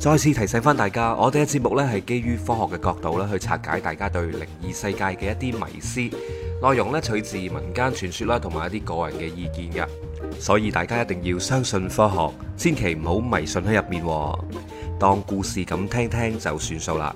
再次提醒翻大家，我哋嘅節目呢係基於科學嘅角度呢去拆解大家對靈異世界嘅一啲迷思，內容呢取自民間傳說啦，同埋一啲個人嘅意見嘅，所以大家一定要相信科學，千祈唔好迷信喺入面，當故事咁聽聽就算數啦。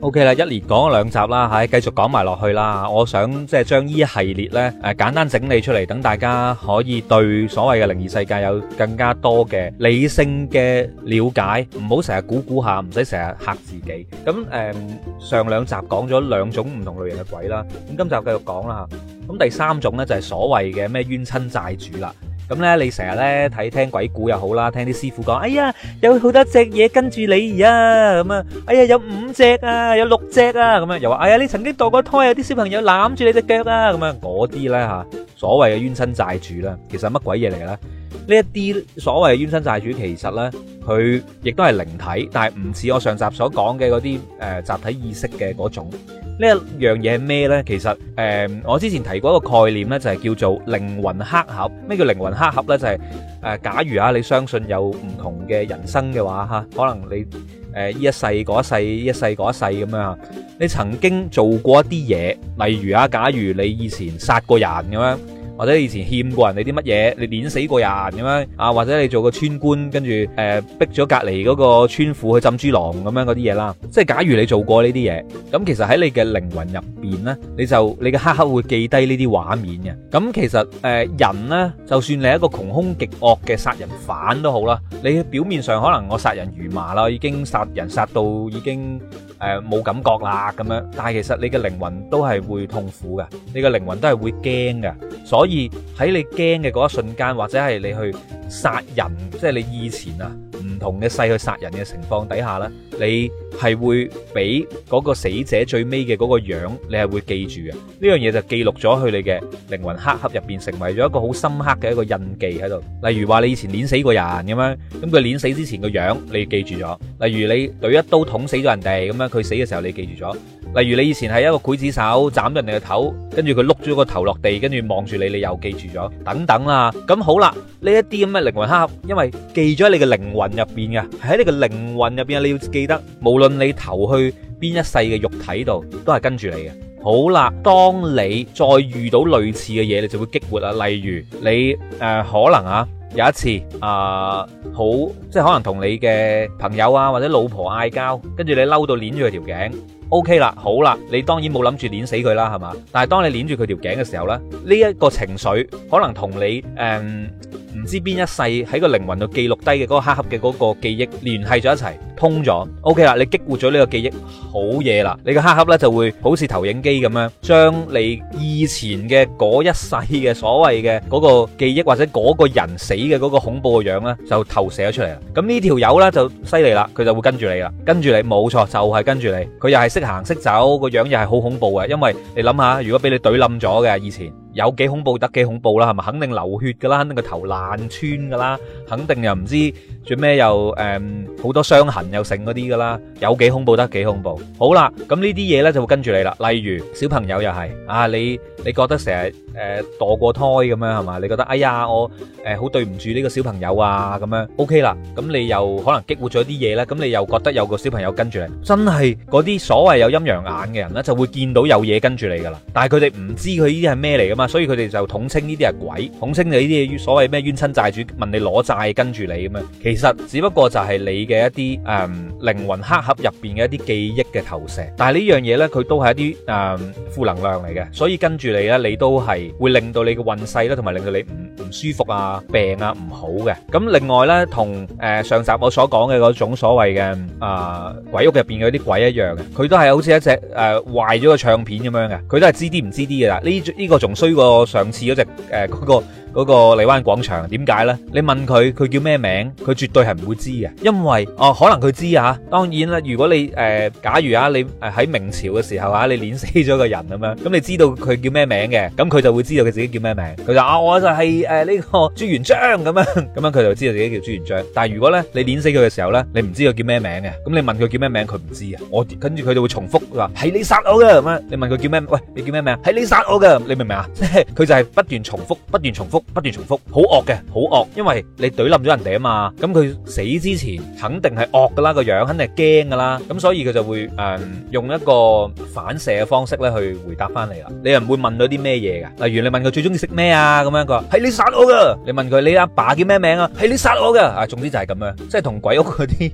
OK 啦，一連講咗兩集啦吓，繼續講埋落去啦。我想即係將呢一系列咧，誒簡單整理出嚟，等大家可以對所謂嘅靈異世界有更加多嘅理性嘅了解，唔好成日估估下，唔使成日嚇自己。咁誒，上兩集講咗兩種唔同類型嘅鬼啦，咁今集繼續講啦吓。咁第三種咧就係所謂嘅咩冤親債主啦。咁咧，你成日咧睇、聽鬼故又好啦，聽啲師傅講，哎呀，有好多隻嘢跟住你啊，咁啊，哎呀，有五隻啊，有六隻啊，咁啊又話，哎呀，你曾經墮過胎啊，啲小朋友攬住你隻腳啊，咁啊，嗰啲咧吓，所謂嘅冤親債主啦，其實係乜鬼嘢嚟嘅咧？呢一啲所謂嘅冤親債主，其實咧佢亦都係靈體，但係唔似我上集所講嘅嗰啲誒集體意識嘅嗰種。呢一樣嘢係咩呢？其實誒、呃，我之前提過一個概念呢就係、是、叫做靈魂黑盒。咩叫靈魂黑盒呢？就係、是、誒、呃，假如啊，你相信有唔同嘅人生嘅話嚇，可能你誒呢一世嗰一世，呢一世嗰一世咁樣，你曾經做過一啲嘢，例如啊，假如你以前殺過人咁樣。或者你以前欠過人哋啲乜嘢，你碾死過人咁樣啊，或者你做個村官，跟住誒逼咗隔離嗰個村婦去浸豬籠咁樣嗰啲嘢啦。即係假如你做過呢啲嘢，咁其實喺你嘅靈魂入邊呢，你就你嘅黑刻會記低呢啲畫面嘅。咁其實誒、呃、人呢，就算你係一個窮凶極惡嘅殺人犯都好啦，你表面上可能我殺人如麻啦，已經殺人殺到已經。誒冇、呃、感覺啦咁樣，但係其實你嘅靈魂都係會痛苦嘅，你嘅靈魂都係會驚嘅，所以喺你驚嘅嗰一瞬間，或者係你去殺人，即、就、係、是、你以前啊。唔同嘅勢去殺人嘅情況底下咧，你係會俾嗰個死者最尾嘅嗰個樣，你係會記住嘅。呢樣嘢就記錄咗去你嘅靈魂黑盒入邊，成為咗一個好深刻嘅一個印記喺度。例如話你以前碾死過人咁樣，咁佢碾死之前嘅樣你記住咗。例如你懟一刀捅死咗人哋咁樣，佢死嘅時候你記住咗。例如你以前係一個劊子手斬咗人哋嘅頭，跟住，佢碌咗個頭落地，跟住望住你，你又記住咗等等啦。咁好啦，呢一啲咁嘅靈魂黑盒，因為記咗喺你嘅靈魂入邊嘅，喺你嘅靈魂入邊啊，你要記得，無論你投去邊一世嘅肉體度，都係跟住你嘅。好啦，當你再遇到類似嘅嘢，你就會激活啦。例如你誒、呃、可能啊有一次啊、呃、好，即係可能同你嘅朋友啊或者老婆嗌交，跟住你嬲到捻住佢條頸。O.K. 啦，好啦，你當然冇諗住捏死佢啦，係嘛？但係當你捏住佢條頸嘅時候咧，呢、這個嗯、一,一個情緒可能同你誒唔知邊一世喺個靈魂度記錄低嘅嗰個黑盒嘅嗰個記憶聯繫咗一齊，通咗。O.K. 啦，你激活咗呢個記憶，好嘢啦，你個黑盒咧就會好似投影機咁樣，將你以前嘅嗰一世嘅所謂嘅嗰個記憶，或者嗰個人死嘅嗰個恐怖嘅樣咧，就投射咗出嚟啦。咁呢條友咧就犀利啦，佢就會跟住你啦，跟住你冇錯，就係、是、跟住你，佢又係行識走個樣又係好恐怖嘅，因為你諗下，如果俾你隊冧咗嘅以前。有幾恐怖得幾恐怖啦，係嘛？肯定流血噶啦，肯定個頭爛穿噶啦，肯定又唔知做咩又誒好多傷痕又剩嗰啲噶啦。有幾恐怖得幾恐怖？好啦，咁呢啲嘢咧就會跟住你啦。例如小朋友又係啊，你你覺得成日誒墮過胎咁樣係嘛？你覺得哎呀我誒好對唔住呢個小朋友啊，咁樣 OK 啦。咁你又可能激活咗啲嘢咧，咁你又覺得有個小朋友跟住你，真係嗰啲所謂有陰陽眼嘅人咧，就會見到有嘢跟住你噶啦。但係佢哋唔知佢呢啲係咩嚟噶嘛？所以佢哋就統稱呢啲係鬼，統稱你呢啲所謂咩冤親債主問你攞債跟住你咁樣，其實只不過就係你嘅一啲誒靈魂黑盒入邊嘅一啲記憶嘅投射，但係呢樣嘢呢佢都係一啲誒負能量嚟嘅，所以跟住你呢，你都係會令到你嘅運勢啦，同埋令到你唔唔舒服啊，病啊，唔好嘅。咁另外呢，同誒、呃、上集我所講嘅嗰種所謂嘅誒、呃、鬼屋入邊嗰啲鬼一樣嘅，佢都係好似一隻誒、呃、壞咗個唱片咁樣嘅，佢都係知啲唔知啲噶啦。呢呢、呢個仲衰過上次嗰隻誒、呃嗰個。嗰個荔灣廣場點解呢？你問佢佢叫咩名，佢絕對係唔會知嘅。因為哦，可能佢知啊。當然啦，如果你誒假如啊，你喺明朝嘅時候啊，你捏死咗個人咁樣，咁你知道佢叫咩名嘅，咁佢就會知道佢自己叫咩名。佢就啊，我就係誒呢個朱元璋咁樣，咁樣佢就知道自己叫朱元璋。但係如果咧你捏死佢嘅時候咧，你唔知道佢叫咩名嘅，咁你問佢叫咩名，佢唔知啊。我跟住佢就會重複話係你殺我㗎咁樣。你問佢叫咩？喂，你叫咩名啊？係你殺我㗎，你明唔明啊？佢就係不斷重複，不斷重複。不斷重複，好惡嘅，好惡，因為你懟冧咗人哋啊嘛，咁佢死之前肯定係惡噶啦，個樣肯定係驚噶啦，咁所以佢就會誒用一個反射嘅方式咧去回答翻你啦。你又唔會問到啲咩嘢噶，例如你問佢最中意食咩啊，咁樣佢話係你殺我噶。你問佢你阿爸叫咩名啊，係你殺我噶。啊，總之就係咁樣，即係同鬼屋嗰啲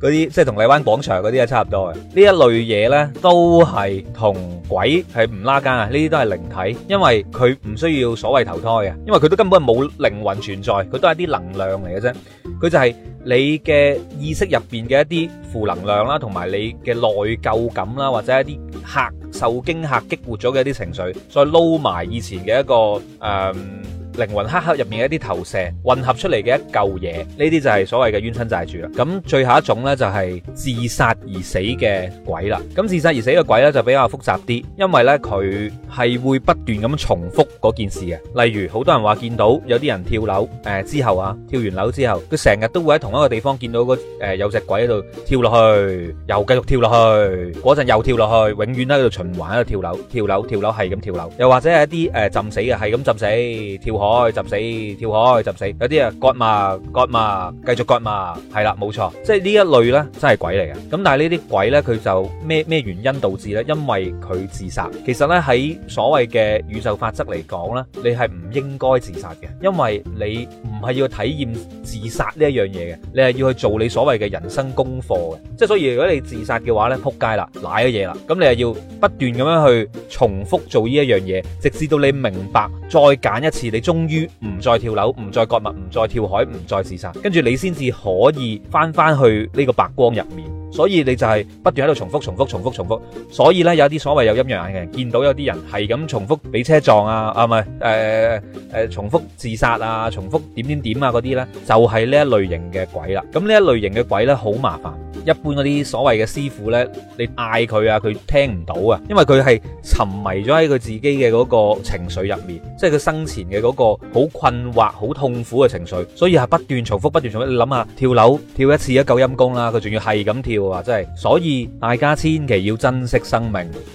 嗰啲，即係同荔灣廣場嗰啲啊，差唔多嘅。呢一類嘢咧都係同鬼係唔拉更啊，呢啲都係靈體，因為佢唔需要所謂投胎嘅，因為佢。佢都根本冇靈魂存在，佢都係一啲能量嚟嘅啫。佢就係你嘅意識入邊嘅一啲負能量啦，同埋你嘅內疚感啦，或者一啲嚇受驚嚇激活咗嘅一啲情緒，再撈埋以前嘅一個誒。嗯靈魂黑黑入面嘅一啲投射混合出嚟嘅一嚿嘢，呢啲就係所謂嘅冤親債主啦。咁最後一種咧就係自殺而死嘅鬼啦。咁自殺而死嘅鬼咧就比較複雜啲，因為咧佢係會不斷咁重複嗰件事嘅。例如好多人話見到有啲人跳樓，誒之後啊，跳完樓之後，佢成日都會喺同一個地方見到個誒有隻鬼喺度跳落去，又繼續跳落去，嗰陣又跳落去，永遠喺度循環喺度跳樓、跳樓、跳樓，係咁跳樓。又或者係一啲誒浸死嘅，係咁浸死、跳河。海浸死，跳海浸死，有啲啊割嘛、割嘛繼續割嘛係啦冇錯，即係呢一類咧真係鬼嚟嘅。咁但係呢啲鬼咧，佢就咩咩原因導致咧？因為佢自殺。其實咧喺所謂嘅宇宙法則嚟講咧，你係唔應該自殺嘅，因為你唔係要體驗自殺呢一樣嘢嘅，你係要去做你所謂嘅人生功課嘅。即係所以如果你自殺嘅話咧，撲街啦，瀨咗嘢啦，咁你係要不斷咁樣去重複做呢一樣嘢，直至到你明白，再揀一次你中。終於唔再跳樓，唔再割脈，唔再跳海，唔再自殺，跟住你先至可以返返去呢個白光入面。所以你就係不斷喺度重複、重複、重複、重複。所以咧，有啲所謂有陰陽眼嘅人，見到有啲人係咁重複俾車撞啊，啊唔係誒誒重複自殺啊，重複點點點啊嗰啲咧，就係呢一類型嘅鬼啦。咁呢一類型嘅鬼咧，好麻煩。一般嗰啲所謂嘅師傅咧，你嗌佢啊，佢聽唔到啊，因為佢係沉迷咗喺佢自己嘅嗰個情緒入面，即係佢生前嘅嗰個好困惑、好痛苦嘅情緒，所以係不斷重複、不斷重複。你諗下，跳樓跳一次，一夠陰功啦，佢仲要係咁跳。話真係，所以大家千祈要珍惜生命，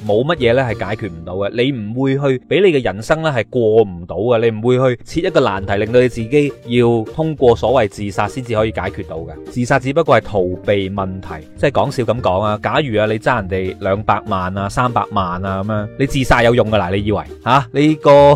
冇乜嘢呢係解決唔到嘅，你唔會去俾你嘅人生呢係過唔到嘅，你唔會去設一個難題，令到你自己要通過所謂自殺先至可以解決到嘅。自殺只不過係逃避問題，即係講笑咁講啊！假如啊，你爭人哋兩百萬啊、三百萬啊咁樣，你自殺有用噶啦？你以為吓？你個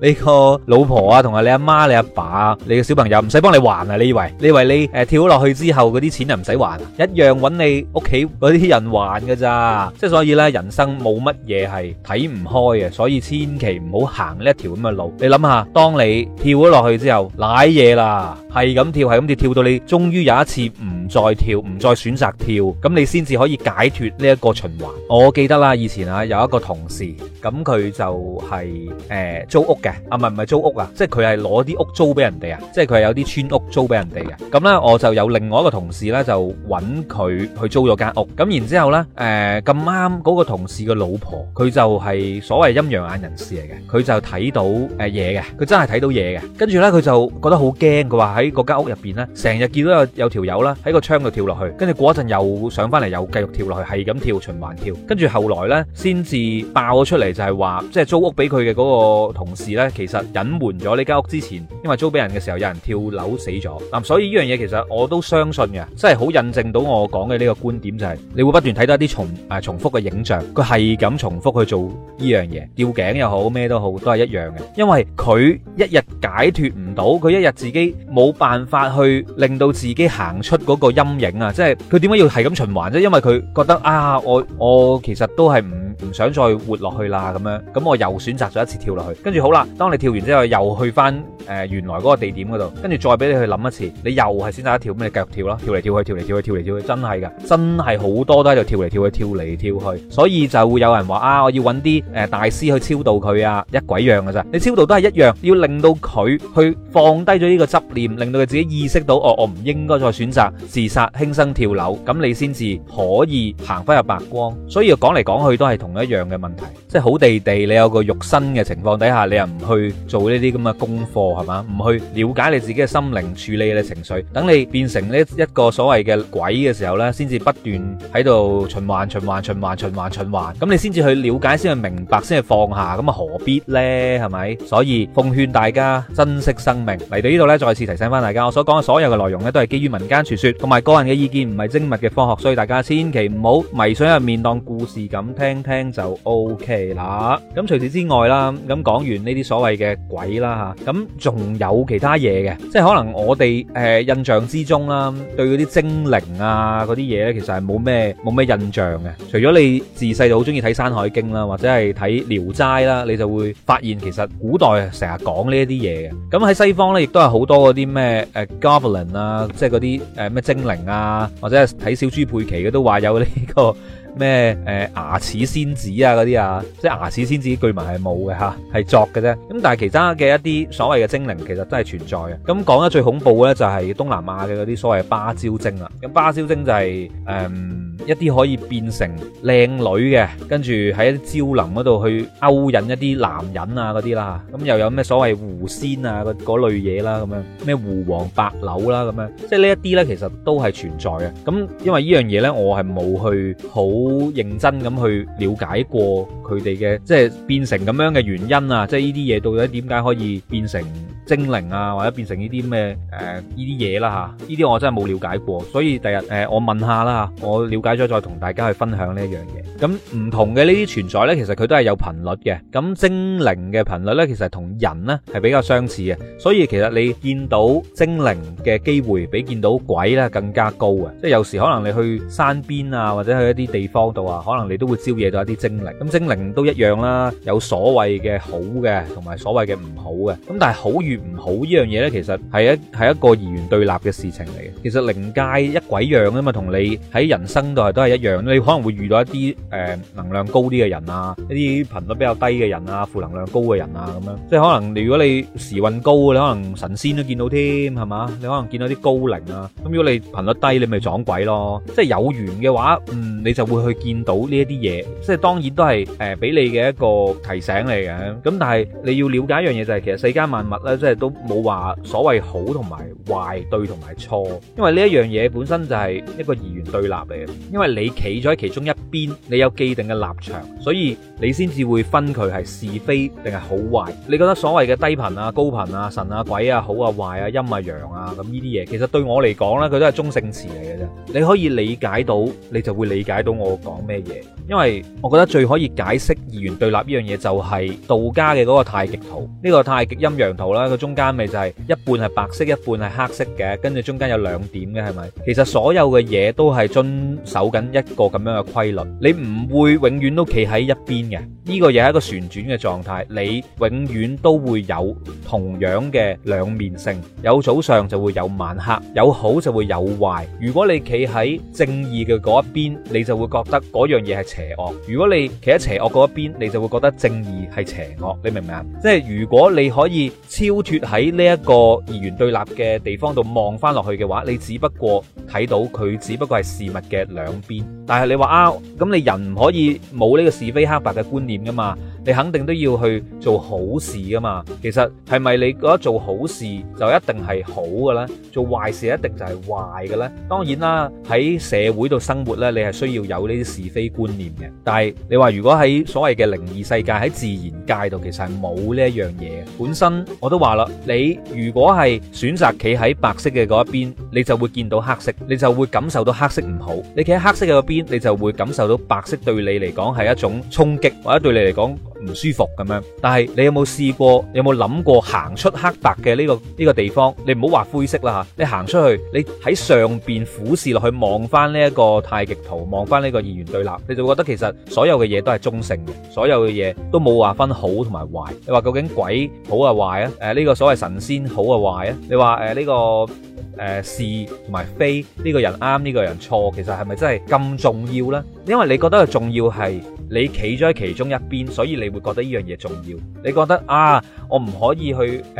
你個老婆啊，同埋你阿媽、你阿爸啊、你嘅小朋友唔使幫你還啊？你以為？你以為你誒跳落去之後嗰啲錢就唔使還？一樣揾你。屋企嗰啲人玩噶咋，即係所以咧，人生冇乜嘢係睇唔開嘅，所以千祈唔好行呢一條咁嘅路。你諗下，當你跳咗落去之後，瀨嘢啦，係咁跳，係咁跳，跳到你終於有一次唔。再跳唔再選擇跳咁，你先至可以解脫呢一個循環。我記得啦，以前啊有一個同事，咁佢就係誒租屋嘅，啊唔係唔係租屋啊，即係佢係攞啲屋租俾人哋啊，即係佢係有啲村屋租俾人哋嘅。咁咧我就有另外一個同事咧就揾佢去租咗間屋，咁然之後咧誒咁啱嗰個同事嘅老婆佢就係所謂陰陽眼人士嚟嘅，佢就睇到誒嘢嘅，佢真係睇到嘢嘅。跟住咧佢就覺得好驚，佢話喺嗰間屋入邊咧成日見到有有條友啦喺個窗度跳落去，跟住嗰陣又上翻嚟，又繼續跳落去，係咁跳循環跳。跟住後，後來呢，先至爆咗出嚟，就係話即係租屋俾佢嘅嗰個同事呢，其實隱瞞咗呢間屋之前，因為租俾人嘅時候有人跳樓死咗嗱、嗯，所以呢樣嘢其實我都相信嘅，真係好印證到我講嘅呢個觀點就係、是、你會不斷睇到一啲重誒、啊、重複嘅影像，佢係咁重複去做呢樣嘢，吊頸又好咩都好，都係一樣嘅，因為佢一日解脫唔到，佢一日自己冇辦法去令到自己行出嗰、那個個陰影啊，即係佢點解要係咁循環啫？因為佢覺得啊，我我其實都係唔唔想再活落去啦，咁樣咁我又選擇咗一次跳落去，跟住好啦，當你跳完之後又去翻誒原來嗰個地點嗰度，跟住再俾你去諗一次，你又係選擇一跳，咁你繼續跳咯，跳嚟跳去，跳嚟跳去，跳嚟跳去，真係噶，真係好多都喺度跳嚟跳去，跳嚟跳去，所以就會有人話啊，我要揾啲誒大師去超度佢啊，一鬼樣噶咋？你超度都係一樣，要令到佢去放低咗呢個執念，令到佢自己意識到哦，我唔應該再選擇。自殺輕生跳樓，咁你先至可以行翻入白光。所以講嚟講去都係同一樣嘅問題，即係好地地你有個肉身嘅情況底下，你又唔去做呢啲咁嘅功課，係嘛？唔去了解你自己嘅心靈處理你情緒，等你變成呢一個所謂嘅鬼嘅時候咧，先至不斷喺度循環循環循環循環循環。咁你先至去了解，先去明白，先去放下。咁啊何必咧？係咪？所以奉勸大家珍惜生命。嚟到呢度咧，再次提醒翻大家，我所講嘅所有嘅內容咧，都係基於民間傳說。同埋個人嘅意見唔係精密嘅科學，所以大家千祈唔好迷信，入面當故事咁聽，聽就 O K 啦。咁除此之外啦，咁講完呢啲所謂嘅鬼啦嚇，咁仲有其他嘢嘅，即係可能我哋誒、呃、印象之中啦，對嗰啲精靈啊嗰啲嘢咧，其實係冇咩冇咩印象嘅。除咗你自細就好中意睇《山海經》啦，或者係睇《聊齋》啦，你就會發現其實古代成日講呢一啲嘢嘅。咁喺西方咧，亦都係好多嗰啲咩誒 goblin 啊，即係嗰啲誒咩精精靈啊，或者係睇小豬佩奇嘅，都話有呢個。咩誒、呃、牙齒仙子啊嗰啲啊，即係牙齒仙子據聞係冇嘅吓，係作嘅啫。咁但係其他嘅一啲所謂嘅精靈，其實都係存在嘅。咁講得最恐怖嘅咧，就係東南亞嘅嗰啲所謂芭蕉精啦。咁芭蕉精就係、是、誒、嗯、一啲可以變成靚女嘅，跟住喺一啲蕉林嗰度去勾引一啲男人啊嗰啲啦。咁、啊、又有咩所謂狐仙啊嗰類嘢啦咁樣，咩狐王白柳啦、啊、咁樣，即係呢一啲呢，其實都係存在嘅。咁因為呢樣嘢呢，我係冇去好。好認真咁去了解過佢哋嘅，即係變成咁樣嘅原因啊。即係呢啲嘢到底點解可以變成？精靈啊，或者變成呢啲咩誒呢啲嘢啦嚇，呢啲我真係冇了解過，所以第日誒我問下啦嚇，我了解咗再同大家去分享呢一樣嘢。咁唔同嘅呢啲存在呢，其實佢都係有頻率嘅。咁精靈嘅頻率呢，其實同人呢係比較相似嘅。所以其實你見到精靈嘅機會，比見到鬼呢更加高啊。即係有時可能你去山邊啊，或者去一啲地方度啊，可能你都會招惹到一啲精靈。咁精靈都一樣啦，有所謂嘅好嘅，同埋所謂嘅唔好嘅。咁但係好遠唔好呢樣嘢咧，其實係一係一個二元對立嘅事情嚟嘅。其實靈界一鬼樣啊嘛，同你喺人生度係都係一樣。你可能會遇到一啲誒能量高啲嘅人啊，一啲頻率比較低嘅人啊，負能量高嘅人啊咁樣。即係可能如果你時運高，你可能神仙都見到添，係嘛？你可能見到啲高靈啊。咁如果你頻率低，你咪撞鬼咯。即係有緣嘅話，嗯，你就會去見到呢一啲嘢。即係當然都係誒俾你嘅一個提醒嚟嘅。咁但係你要了解一樣嘢就係，其實世間萬物咧。即係都冇話所謂好同埋壞對同埋錯，因為呢一樣嘢本身就係一個二元對立嚟嘅。因為你企咗喺其中一邊，你有既定嘅立場，所以你先至會分佢係是非定係好壞。你覺得所謂嘅低頻啊、高頻啊、神啊、鬼啊、好啊、壞啊、陰啊、陽啊，咁呢啲嘢其實對我嚟講呢佢都係中性詞嚟嘅啫。你可以理解到，你就會理解到我講咩嘢。因為我覺得最可以解釋二元對立呢樣嘢就係道家嘅嗰個太極圖，呢個太極陰陽圖啦。中間咪就係一半係白色，一半係黑色嘅，跟住中間有兩點嘅，係咪？其實所有嘅嘢都係遵守緊一個咁樣嘅規律，你唔會永遠都企喺一邊嘅。呢個嘢係一個旋轉嘅狀態，你永遠都會有同樣嘅兩面性，有早上就會有晚黑，有好就會有壞。如果你企喺正義嘅嗰一邊，你就會覺得嗰樣嘢係邪惡；如果你企喺邪惡嗰一邊，你就會覺得正義係邪惡。你明唔明啊？即係如果你可以超脫喺呢一個二元對立嘅地方度望翻落去嘅話，你只不過睇到佢，只不過係事物嘅兩邊。但係你話啊，咁你人唔可以冇呢個是非黑白嘅觀念噶嘛？你肯定都要去做好事噶嘛？其實係咪你覺得做好事就一定係好噶咧？做壞事一定就係壞噶咧？當然啦，喺社會度生活咧，你係需要有呢啲是非觀念嘅。但係你話如果喺所謂嘅靈異世界喺自然界度，其實係冇呢一樣嘢。本身我都話。你如果係選擇企喺白色嘅嗰一邊，你就會見到黑色，你就會感受到黑色唔好。你企喺黑色嘅嗰邊，你就會感受到白色對你嚟講係一種衝擊，或者對你嚟講。唔舒服咁樣，但係你有冇試過？你有冇諗過行出黑白嘅呢、這個呢、這個地方？你唔好話灰色啦吓，你行出去，你喺上邊俯視落去望翻呢一個太極圖，望翻呢個二元對立，你就會覺得其實所有嘅嘢都係中性嘅，所有嘅嘢都冇話分好同埋壞。你話究竟鬼好啊壞啊？誒、呃、呢、這個所謂神仙好啊壞啊？你話誒呢個誒是同埋非呢、這個人啱呢、這個人錯，其實係咪真係咁重要呢？因為你覺得佢重要係。你企咗喺其中一邊，所以你會覺得呢樣嘢重要。你覺得啊，我唔可以去誒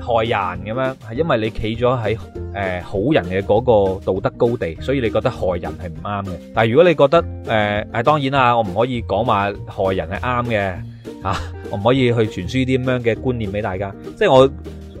害人咁樣，係因為你企咗喺誒好人嘅嗰個道德高地，所以你覺得害人係唔啱嘅。但係如果你覺得誒，係當然啦，我唔可以講話害人係啱嘅吓，我唔可以去傳輸啲咁樣嘅觀念俾大家。即係我。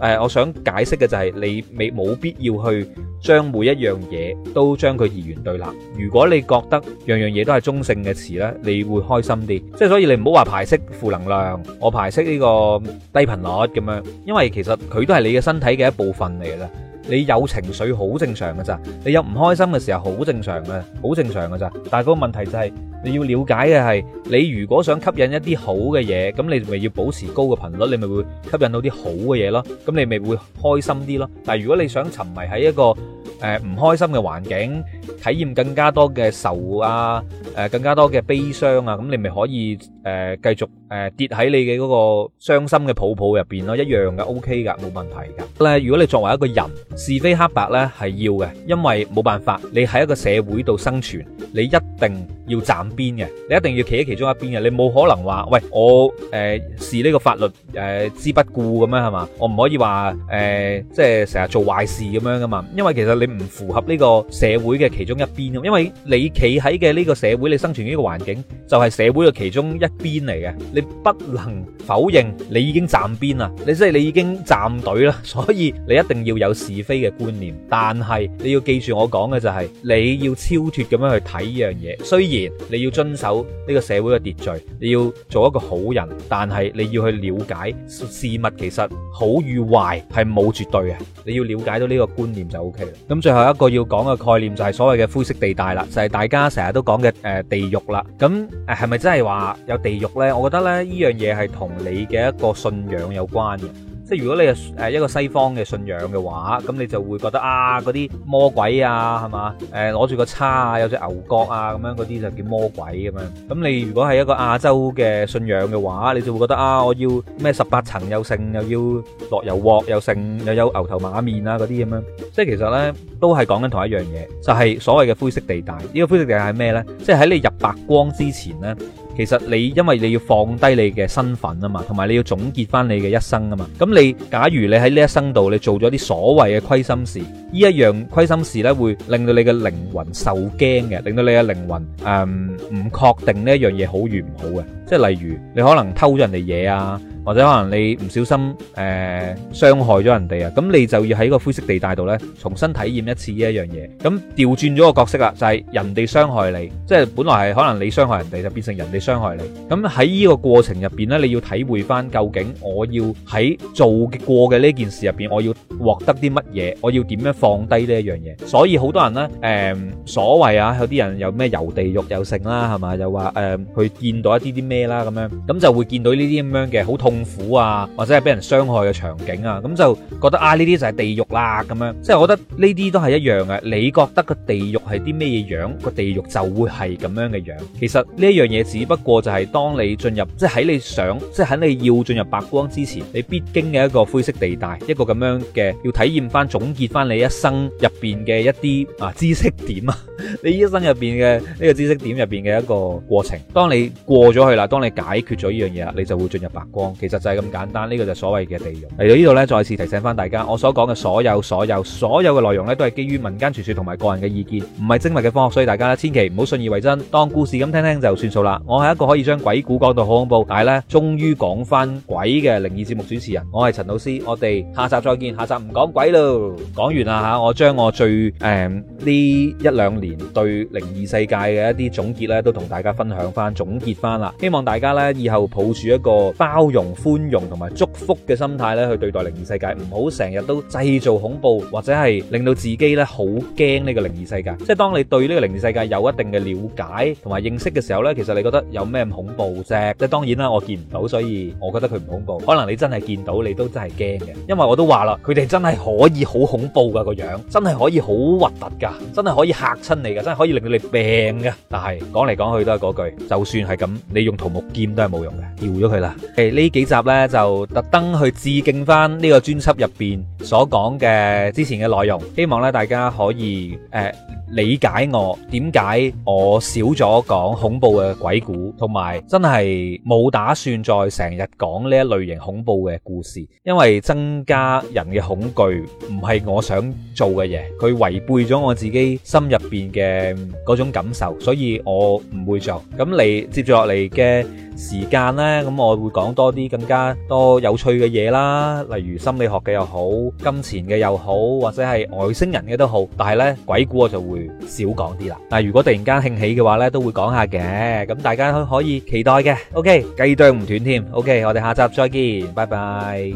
誒、呃，我想解釋嘅就係、是、你未冇必要去將每一樣嘢都將佢二元對立。如果你覺得樣樣嘢都係中性嘅詞呢，你會開心啲。即係，所以你唔好話排斥負能量，我排斥呢個低頻率咁樣，因為其實佢都係你嘅身體嘅一部分嚟嘅。你有情緒好正常㗎咋，你有唔開心嘅時候好正常嘅，好正常㗎咋。但係個問題就係，你要了解嘅係，你如果想吸引一啲好嘅嘢，咁你咪要保持高嘅頻率，你咪會吸引到啲好嘅嘢咯。咁你咪會開心啲咯。但係如果你想沉迷喺一個，誒唔開心嘅環境，體驗更加多嘅仇啊，誒更加多嘅悲傷啊，咁你咪可以誒繼續誒跌喺你嘅嗰個傷心嘅抱抱入邊咯，一樣嘅，OK 㗎，冇問題㗎。嗱，如果你作為一個人是非黑白呢係要嘅，因為冇辦法，你喺一個社會度生存，你一定要站邊嘅，你一定要企喺其中一邊嘅，你冇可能話，喂，我誒視呢個法律誒之不顧咁樣係嘛？我唔可以話誒，即係成日做壞事咁樣㗎嘛？因為其實你。唔符合呢個社會嘅其中一邊，因為你企喺嘅呢個社會，你生存呢個環境就係社會嘅其中一邊嚟嘅，你不能否認你已經站邊啦，你即係你已經站隊啦，所以你一定要有是非嘅觀念。但係你要記住我講嘅就係你要超脫咁樣去睇呢樣嘢，雖然你要遵守呢個社會嘅秩序，你要做一個好人，但係你要去了解事物其實好與壞係冇絕對嘅，你要了解到呢個觀念就 OK 啦。最後一個要講嘅概念就係所謂嘅灰色地帶啦，就係大家成日都講嘅誒地獄啦。咁誒係咪真係話有地獄呢？我覺得呢呢樣嘢係同你嘅一個信仰有關嘅。即如果你係誒一個西方嘅信仰嘅話，咁你就會覺得啊嗰啲魔鬼啊係嘛誒攞住個叉啊，有隻牛角啊咁樣嗰啲就叫魔鬼咁樣。咁你如果係一個亞洲嘅信仰嘅話，你就會覺得啊，我要咩十八層又勝，又要落油鑊又勝，又有牛頭馬面啊嗰啲咁樣。即係其實呢，都係講緊同一樣嘢，就係所謂嘅灰色地帶。呢個灰色地帶係咩呢？即係喺你入白光之前呢。其實你因為你要放低你嘅身份啊嘛，同埋你要總結翻你嘅一生啊嘛。咁你假如你喺呢一生度你做咗啲所謂嘅虧心事，呢一樣虧心事呢，會令到你嘅靈魂受驚嘅，令到你嘅靈魂誒唔，嗯，確定呢一樣嘢好與唔好嘅。即係例如你可能偷咗人哋嘢啊。或者可能你唔小心誒、呃、傷害咗人哋啊，咁你就要喺個灰色地帶度呢，重新體驗一次呢一樣嘢。咁調轉咗個角色啦，就係、是、人哋傷害你，即係本來係可能你傷害人哋，就變成人哋傷害你。咁喺呢個過程入邊呢，你要體會返究竟我要喺做過嘅呢件事入邊，我要獲得啲乜嘢，我要點樣放低呢一樣嘢。所以好多人呢，誒、呃、所謂啊，有啲人有咩遊地獄又成啦，係咪？又話誒去見到一啲啲咩啦咁樣，咁就會見到呢啲咁樣嘅好痛痛苦啊，或者係俾人傷害嘅場景啊，咁就覺得啊呢啲就係地獄啦咁樣，即係我覺得呢啲都係一樣嘅。你覺得個地獄係啲咩嘢樣？個地獄就會係咁樣嘅樣。其實呢一樣嘢只不過就係當你進入，即係喺你想，即係喺你要進入白光之前，你必經嘅一個灰色地帶，一個咁樣嘅，要體驗翻、總結翻你一生入邊嘅一啲啊知識點啊。你一生入邊嘅呢個知識點入邊嘅一個過程，當你過咗去啦，當你解決咗呢樣嘢啦，你就會進入白光。其實就係咁簡單，呢個就所謂嘅地獄。嚟到呢度咧，再次提醒翻大家，我所講嘅所有所有所有嘅內容咧，都係基於民間傳說同埋個人嘅意見，唔係精密嘅科學，所以大家咧千祈唔好信以為真，當故事咁聽聽就算數啦。我係一個可以將鬼故講到好恐怖，但係咧終於講翻鬼嘅靈異節目主持人，我係陳老師，我哋下集再見，下集唔講鬼咯，講完啦吓，我將我最誒呢一兩年。對靈異世界嘅一啲總結咧，都同大家分享翻，總結翻啦。希望大家咧以後抱住一個包容、寬容同埋祝福嘅心態咧，去對待靈異世界，唔好成日都製造恐怖，或者係令到自己咧好驚呢個靈異世界。即係當你對呢個靈異世界有一定嘅了解同埋認識嘅時候咧，其實你覺得有咩恐怖啫？即當然啦，我見唔到，所以我覺得佢唔恐怖。可能你真係見到，你都真係驚嘅。因為我都話啦，佢哋真係可以好恐怖噶個樣，真係可以好核突噶，真係可以嚇親嚟噶真係可以令到你病噶，但係講嚟講去都係嗰句，就算係咁，你用桃木劍都係冇用嘅，掉咗佢啦。誒，呢幾集咧，就特登去致敬翻呢個專輯入邊所講嘅之前嘅內容，希望咧大家可以誒理解我點解我少咗講恐怖嘅鬼故，同埋真係冇打算再成日講呢一類型恐怖嘅故事，因為增加人嘅恐懼唔係我想做嘅嘢，佢違背咗我自己心入邊嘅嗰種感受，所以我唔會做咁嚟接住落嚟嘅時間呢。咁我會講多啲更加多有趣嘅嘢啦，例如心理學嘅又好，金錢嘅又好，或者係外星人嘅都好。但係呢，鬼故我就會少講啲啦。嗱，如果突然間興起嘅話呢，都會講下嘅。咁大家可以期待嘅。OK，雞啄唔斷添。OK，我哋下集再見，拜拜。